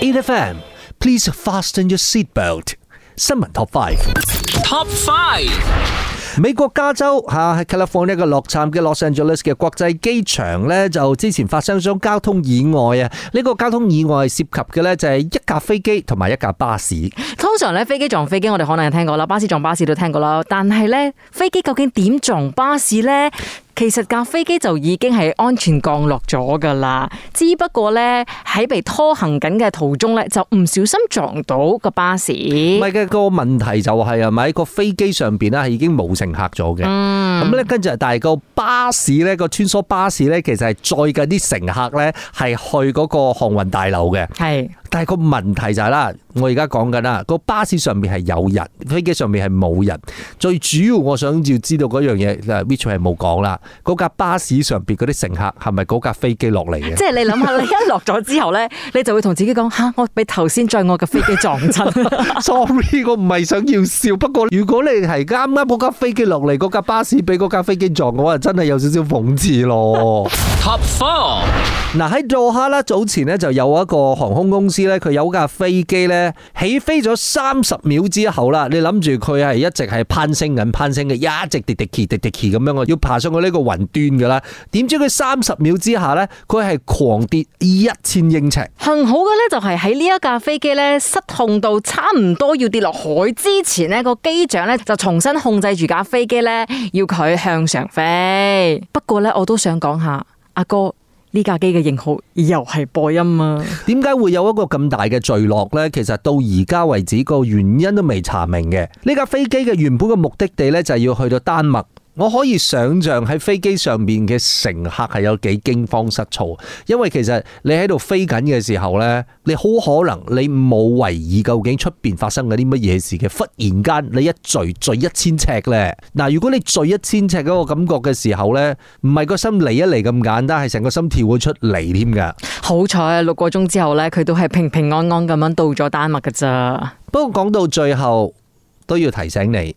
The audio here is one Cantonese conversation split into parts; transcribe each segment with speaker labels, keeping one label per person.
Speaker 1: E.F.M. Please fasten your seat belt。新聞 Top Five。Top Five。美國加州嚇喺 California 嘅洛杉磯嘅 Los Angeles 嘅國際機場咧，就之前發生咗交通意外啊！呢、呢個交通意外涉及嘅咧就係一架飛機同埋一架巴士。
Speaker 2: 通常咧飛機撞飛機我哋可能有聽過啦，巴士撞巴士都聽過啦，但係咧飛機究竟點撞巴士咧？其實架飛機就已經係安全降落咗噶啦，只不過呢，喺被拖行緊嘅途中呢，就唔小心撞到個巴士。
Speaker 1: 唔係，個問題就係係咪個飛機上邊呢？係已經冇乘客咗嘅？嗯，咁呢跟住，但係個巴士呢，個穿梭巴士呢，其實係載緊啲乘客呢，係去嗰個航運大樓嘅。係。但係個問題就係、是、啦，我而家講緊啦，個巴士上面係有人，飛機上面係冇人。最主要我想要知道樣嘢，Richard 係冇講啦。架巴士上邊啲乘客係咪架飛機落嚟嘅？即係你諗下，你一
Speaker 2: 落咗之後咧，你就會同自己講吓，我俾頭先載我嘅飛機撞親。
Speaker 1: Sorry，我唔係想要笑，不過如果你係啱啱嗰架飛機落嚟，架巴士俾架飛機撞嘅話，我真係有少少諷刺咯。
Speaker 2: Top four，
Speaker 1: 嗱喺多哈啦，啊 oh、ara, 早前咧就有一個航空公司。知咧，佢有架飛機咧起飛咗三十秒之後啦，你諗住佢係一直係攀升緊、攀升嘅，一直跌跌跌跌咁樣嘅，要爬上去呢個雲端噶啦。點知佢三十秒之下咧，佢係狂跌一千英尺。
Speaker 2: 幸好嘅咧，就係喺呢一架飛機咧失控到差唔多要跌落海之前咧，個機長咧就重新控制住架飛機咧，要佢向上飛。不過咧，我都想講下阿哥。呢架機嘅型號又係波音啊？
Speaker 1: 點解會有一個咁大嘅墜落呢？其實到而家為止個原因都未查明嘅。呢架飛機嘅原本嘅目的地呢，就係要去到丹麥。我可以想象喺飛機上面嘅乘客係有幾驚慌失措，因為其實你喺度飛緊嘅時候咧，你好可能你冇懷疑究竟出邊發生緊啲乜嘢事嘅，忽然間你一墜墜一千尺咧。嗱，如果你墜一千尺嗰個感覺嘅時候咧，唔係個心嚟一嚟咁簡單，係成個心跳會出嚟
Speaker 2: 添噶。好彩啊六個鐘之後咧，佢都係平平安安咁樣到咗丹麥噶咋。不過講到最後都要提醒你。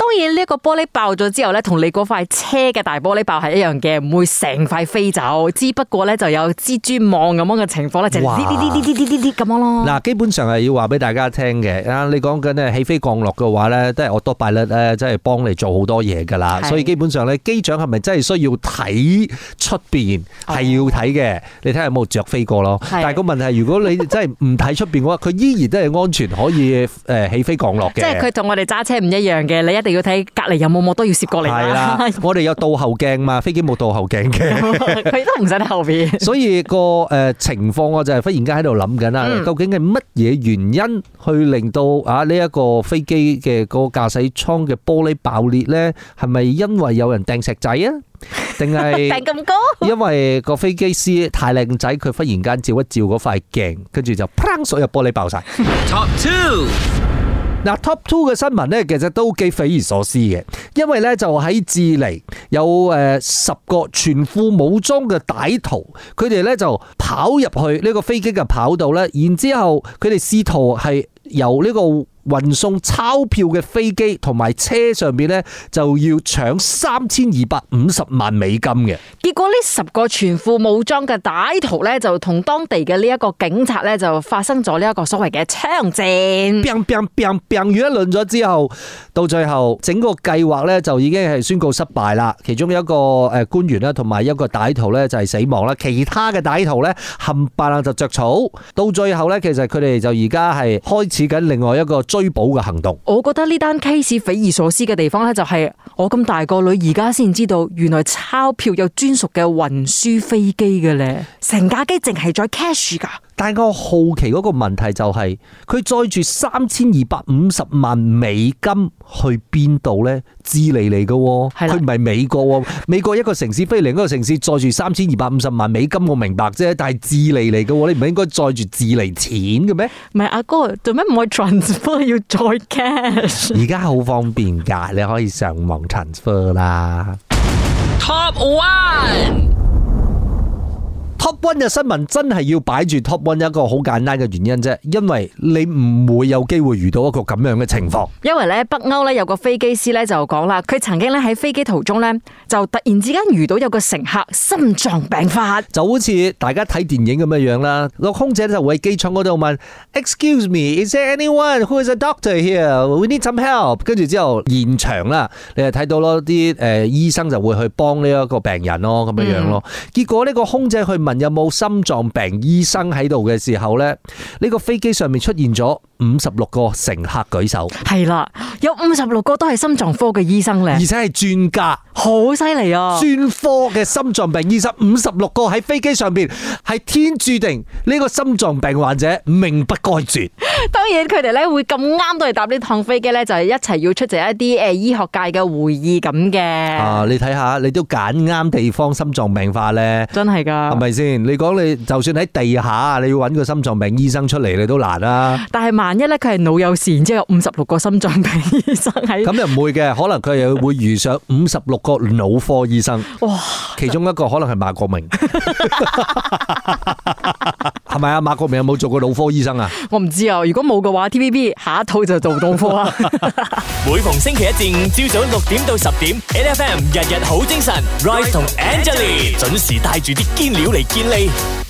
Speaker 2: 當然呢個玻璃爆咗之後咧，同你嗰塊車嘅大玻璃爆係一樣嘅，唔會成塊飛走。只不過咧就有蜘蛛網咁樣嘅情況咧，就呢呢呢呢呢呢呢咁樣咯。嗱，
Speaker 1: 基本上係要話俾大家聽嘅啊，你講緊起飛降落嘅話咧，都係我多拜咧，即係幫你做好多嘢噶啦。所以基本上咧，機長係咪真係需要睇出邊係要睇嘅？你睇下有冇雀飛過咯。但係個問題，如果你真係唔睇出邊嘅話，佢依然都係安全可以誒起飛降落嘅。即係佢
Speaker 2: 同我哋揸車唔一樣嘅，你一定要。睇隔籬有冇冇都要攝過嚟啦。
Speaker 1: 我哋有倒後鏡嘛，飛機冇倒後鏡嘅，佢都唔使喺後邊。所以個誒情況我，就係忽然間喺度諗緊啦，究竟係乜嘢原因去令到啊呢一個飛機嘅個駕駛艙嘅玻璃爆裂咧？係咪因為有人掟石仔啊？定係掟咁高？因為個飛機師太靚仔，佢忽然間照一照嗰塊鏡，跟住就砰，所有玻璃爆晒。
Speaker 2: Top Two。
Speaker 1: 嗱，Top Two 嘅新聞呢，其實都幾匪夷所思嘅，因為呢就喺智利有誒十個全副武裝嘅歹徒，佢哋呢就跑入去呢個飛機嘅跑道呢，然之後佢哋試圖係由呢個。運送鈔票嘅飛機同埋車上邊呢，就要搶三千二百五十萬美金嘅。
Speaker 2: 結果呢十個全副武裝嘅歹徒呢，就同當地嘅呢一個警察呢，就發生咗呢一個所謂嘅槍戰。乒
Speaker 1: 乒乒完一輪咗之後，到最後整個計劃呢，就已經係宣告失敗啦。其中有一個誒官員啦，同埋一個歹徒呢，就係死亡啦。其他嘅歹徒呢，冚唪唥就着草。到最後呢，其實佢哋就而家係開始緊另外一個。追捕嘅行動，
Speaker 2: 我覺得呢單 case 匪夷所思嘅地方咧，就係我咁大個女而家先知道，原來鈔票有專屬嘅運輸飛機嘅咧，成架機淨係在 cash 噶。但係我好奇嗰個問題就係、是，佢載住三
Speaker 1: 千二百五十萬美金去邊度咧？智利嚟噶、哦，佢唔係美國喎。美國一個城市飛另一個城市載住三千二百五十萬美金，我明白啫。但係智利嚟噶，你唔係應該載住智利錢嘅咩？唔係阿哥，做咩唔可以 transfer？要再 cash？而家好方便噶，你可以上網 transfer 啦。
Speaker 2: Top one。
Speaker 1: Top one 嘅新聞真係要擺住 Top one 一個好簡單嘅原因啫，因為你唔會有機會遇到一個咁樣嘅情況。
Speaker 2: 因為咧，北歐咧有個飛機師咧就講啦，佢曾經咧喺飛機途中咧就突然之間遇到有個乘客心臟病發，就好似大家睇
Speaker 1: 電影咁樣樣啦。個空姐就會喺機場嗰度問：Excuse me, is there anyone who is a doctor here? We need some help。跟住之後現場啦，你又睇到咯啲誒醫生就會去幫呢一個病人咯咁樣樣咯。嗯、結果呢個空姐去問。有冇心臟病醫生喺度嘅時候呢？呢個飛機上面出現咗五十六個乘客舉手，係啦，有五十六個都係心臟科嘅醫生咧，而且係專家，
Speaker 2: 好犀利啊！專
Speaker 1: 科嘅心臟病醫生，五十六個喺飛機上面，係天注定呢個心臟病患者命不該絕。
Speaker 2: 當然佢哋咧會咁啱都嚟搭呢趟飛機呢就係一齊要出席一啲誒醫學界嘅會議咁嘅。
Speaker 1: 啊，你睇下，你都揀啱地方心臟病化呢，真係噶，係咪先？你講你就算喺地下啊，你要揾個心臟病醫生出嚟，你都難啦、
Speaker 2: 啊。但係萬一咧，佢係腦有事，然之後有五十六個心臟病醫生喺，咁又唔
Speaker 1: 會嘅，可能佢又會遇上五十六個腦科醫生。哇，其中一個可能係馬國明。 係咪阿馬國明有冇做過腦科醫生啊？
Speaker 2: 我唔知啊。如果冇嘅話，T V B 下一套就做腦科啊。 每逢星期一至五朝早六點到十點，N F M 日日好精神 Right 同 Angelie 準時帶住啲堅料嚟堅利。